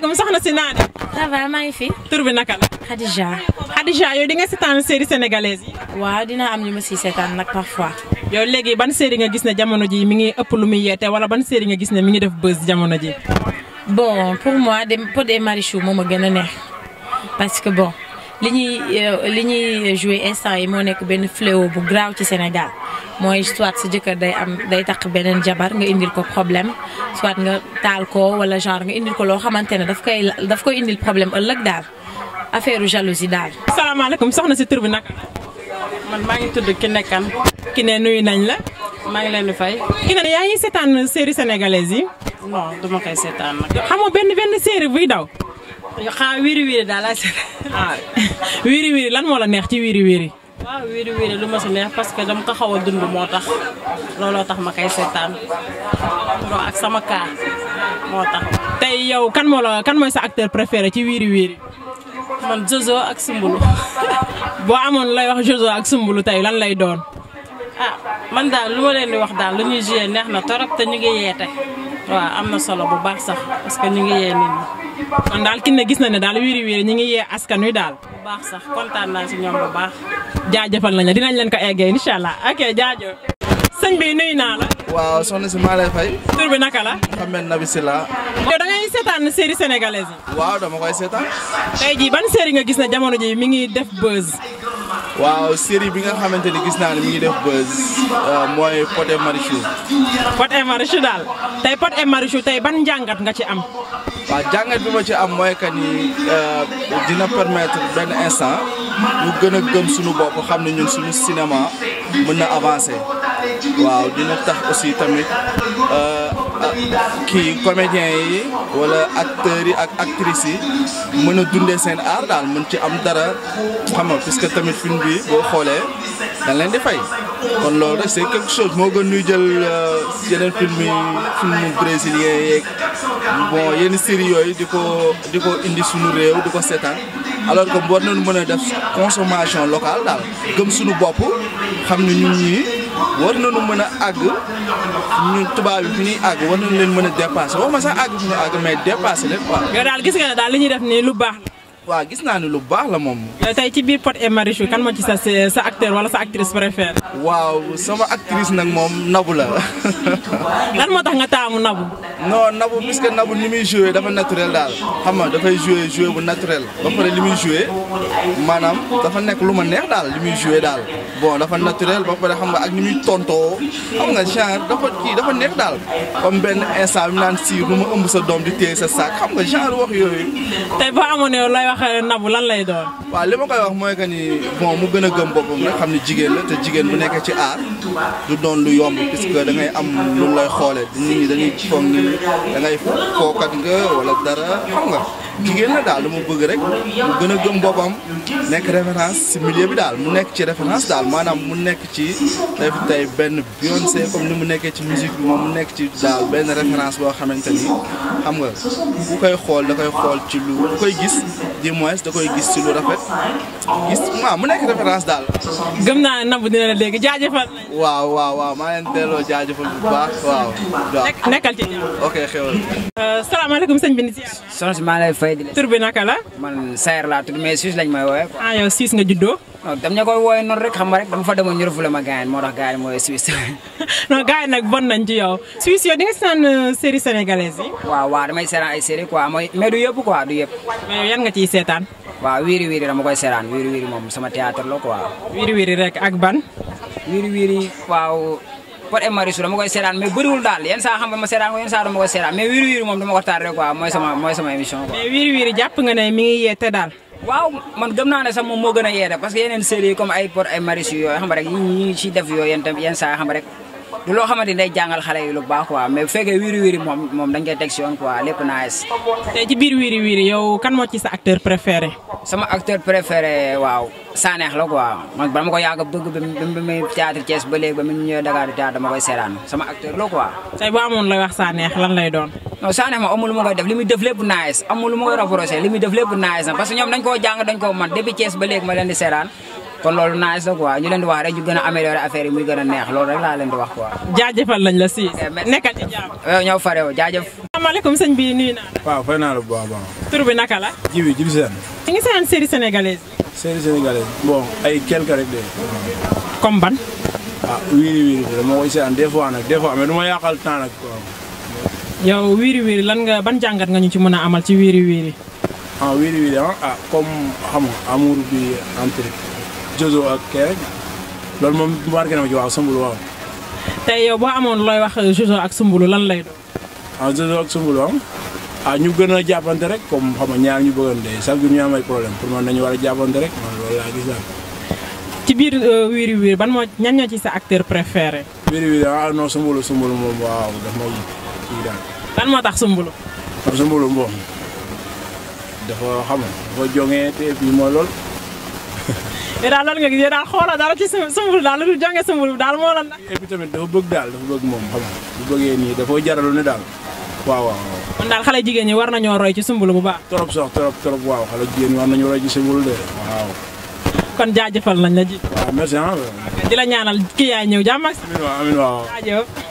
sax soxna si naa de. ça maa ngi fi. tur bi naka la. Khadija. Khadija yow di nga seetaan série sénégalaise yi. waaw dinaa am ñu ma si seetaan nag parfois. yow léegi ban série nga gis ne jamono ji mi ngi ëpp lu muy yeete wala ban série nga gis ne mi ngi def buzz jamono ji. bon pour moi Pod et Marichou moom a gën a neex parce que bon. li ñuy euh, li ñuy joué instant yi moo nekk benn fléau bu graaw ci Sénégal mooy soit si jëkkër day am day takk beneen jabar nga indil ko problème soit nga taal ko wala genre nga indil ko loo xamante ne daf koy daf koy indil problème ëllëg daal affaire jalousie daal. asalaamaaleykum soxna si tur bi naka man maa ngi tudd Kiné ki ne nuyu nañ la. maa ngi leen di fay. Kiné yaa ngi seetaan série sénégalaise yi. non duma koy seetaan nag. xamoo benn benn série buy daw. xanaa wiiri wiiri daal laay ah. lan moo la neex ci wiiri wiiri. waaw wiiri wiiri lu ma si neex parce que dama ko xaw a dund moo tax looloo tax ma koy seetaan ak sama kaa moo tax. tey yow kan moo la kan mooy sa acteur préféré ci wiiri wiiri. man Jojo ak Sumbulu. boo amoon lay wax Jojo ak Sumbulu tey lan lay doon. ah man daal lu ma leen di wax daal lu ñuy neex na torop ta ñu ngi yeete. waaw am na solo bu baax sax parce que ñu ngi yee nit ñi. kon daal Kiné gis na ne daal Wiri Wiri ñu ngi yee askan wi daal. bu baax sax kontaan naa si ñoom bu baax. jaajëfal nañ la dinañ leen ko eggee incha allah ok jaajëf. sëñ bi nuyu naa la. waaw soxna si maa fay. tur bi naka la. Mouhamed Nabi Sila. yow da ngay seetaan série sénégalaise yi. waaw dama koy seetaan. tey jii ban série nga gis ne jamono ji mi ngi def buzz. waaw série bi nga xamante ni gis uh, naa ne mi ngi def buzz mooy Pod et Marichou. Pod et Marichou daal tey Pod et Marichou tey ban njàngat nga ci am. waaw jàngat bi ma ci am mooy que ni dina permettre benn instant ñu gën a gëm bopp xam ne ñun suñu cinéma mën na avancer waaw dina tax aussi tamit. Uh, kii comédiens yi wala acteurs yi ak actrices yi mën a dundee seen art daal mën ci am dara xam nga puisque tamit film bi boo xoolee dañ leen di fay kon loolu rek c'est quelque chose moo gën ñuy jël euh, yeneen film yi filmu brésilien yeeg bon yenn série yooyu di ko di ko indi suñu réew di ko seetaan alors que war nañu mën a def consomation locale daal gëm suñu bopp xam ne ñun ñii war lu mën a àgg ñun tubaab bi fi ñuy àgg war nañu leen mën a dépassé wax ma sax àgg fi ñu àgg mais dépassé leen quoi. mais daal gis nga daal li ñuy def nii lu baax la. waa gis naa ne lu baax la moom. i ci biir Pod et Marichou kan moo ci sa sa acteur wala sa actrice préférée. waaw sama actrice nag moom nabu la. lan moo tax nga taamu Nabou. non Nabou puisque Nabou ni muy joué dafa naturel daal xam nga dafay joué joué bu naturel ba pare li muy joué maanaam dafa nekk lu ma neex daal li muy joué daal bon dafa naturel ba pare xam nga ak ni muy tontoo xam nga genre dafa kii dafa neex daal comme benn instant bi naan siir nu ma ëmb sa doom di téye sa saak xam nga genre wax yooyu. tey boo amoon yow lay wax Nabou lan lay doon. waaw li ma koy wax mooy que ni bon mu gën a gëm boppam rek xam ni jigéen la jigéen nekk ci aar du doon lu yomb puisque da ngay am lu lay xoolee nit ñi dañuy foog ni dangay ngay fookat nga wala dara xam nga. jigéen la daal dama bëgg rek mu gën a gëm boppam nekk référence si milieu daal mu nekk ci référence daal maanaam mu nekk ci tey tey benn se comme ni mu nekkee ci musique bi moom mu nekk ci daal benn référence boo xamante ni xam nga ku koy xool da koy xool ci lu ku koy gis du moins da koy gis ci lu rafet gis mu nekk référence daal. gëm naa ne Nabou dina léegi jaajëfal. waaw waaw waaw maa leen delloo jaajëfal bu baax waaw. waaw nekkal ci ñaar ok xewal. Euh, salaamaaleykum sëñ bi. wooyee di leen. tur bi naka la. man Saer non rek xam nga non gars yi nag bon nañ ci yow Suisse yow di nga seetaan série sénégalaise yi. waaw waaw damay seetaan ay série quoi mooy mais du yëpp quoi wiri, yëpp. mais yan Wiri wiri sama rek ak wiri wiri, wiiri Pod et Marichou dama koy seetaan mais bëriwul daal yenn saa xam ma seetaan ko yenn saa dama koy seetaan mais wiiri wiiri moom dama ko taal rek quoi sama mooy sama émission wiiri wiiri jàpp nga ne mi yeete daal. waaw man gëm naa ne sax moo gën a yeete parce que yeneen séries yi comme ay Pod ay Marichou yooyu def yooyu yéen tam yenn saa xam rek du loo xamante ni day jàngal xale yi lu baax quoi mais bu fekkee wiiri wiiri moom moom dañ koy teg si yoon quoi lépp naa yees. tey wiiri wiiri yow kan moo ci sa acteur préféré. sama acteur préféré waaw Sanex la quoi man ba ma ko yàgg a bëgg ba mu ba théâtre Thiès ba léegi ba mu ñëwee Dakar du théâtre sama acteur la quoi. tey boo amoon lay wax lan lay doon. non Sanex moom amul lu ma koy def li muy def lépp naa yees amul lu ma koy reproché li muy def lépp naa yees kon lolu na la quoi ñu leen di wax rek ñu gën améliorer affaire yi muy gëna neex lolu rek la leen di wax quoi. jaajeufal lañ la si. Eh, nekkal ci jàmm. Eh, waaw faré fa jaajeuf assalamu alaykum señ bi nuy na la. waaw fay na la bu baax a bi naka la. jibi jibi sen ñu ngi sen série sénégalaise. série sénégalaise bon ay quelque rek dé comme ban. ah wiiri wiiri de dama koy seetaan des fois nak des fois mais duma yaqal yàqal temps nag quoi. yow wiiri wiiri lan nga ban jangat nga ñu ci mëna amal ci wiiri wiiri. ah wiiri wiiri ah, ah comme xam amour bi entre Jojo ak kii rek loolu moom marqué ci waaw Soumboulou waaw. tey yow boo amoon looy wax Jojo ak Soumboulou lan lay doon. ah Jojo ak Soumboulou ah, ah ñu gën a rek comme xam ñaar ñu bëggante chaque jour ñu am ay problème pour rek man gis ah. ci biir euh, Wiri Wiri ban moo ñan ñoo ci sa acteur préféré. Wiri Wiri ah non Soumboulou Soumboulou moom waaw daf ma kii daal. lan moo tax Soumboulou. waaw ah, Soumboulou dafa xam dafa joŋee te et yéen daal lan nga gis yéen daal xoolal dara ci sumbul daal lu dul jonge sumbul daal moo lan la. et puis tamit dafa bëgg daal dafa bëgg daal waaw waaw. kon daal xale jigéen ñi war nañoo roy ci sumbul bu baax. trop sax trop trop waaw xale jigéen ñi war nañoo roy ci sumbul de waaw. kon jaajëfal nañ la ji. waaw merci. di la ñaanal kii yaay ñëw jàmm ak. waaw amiin waaw.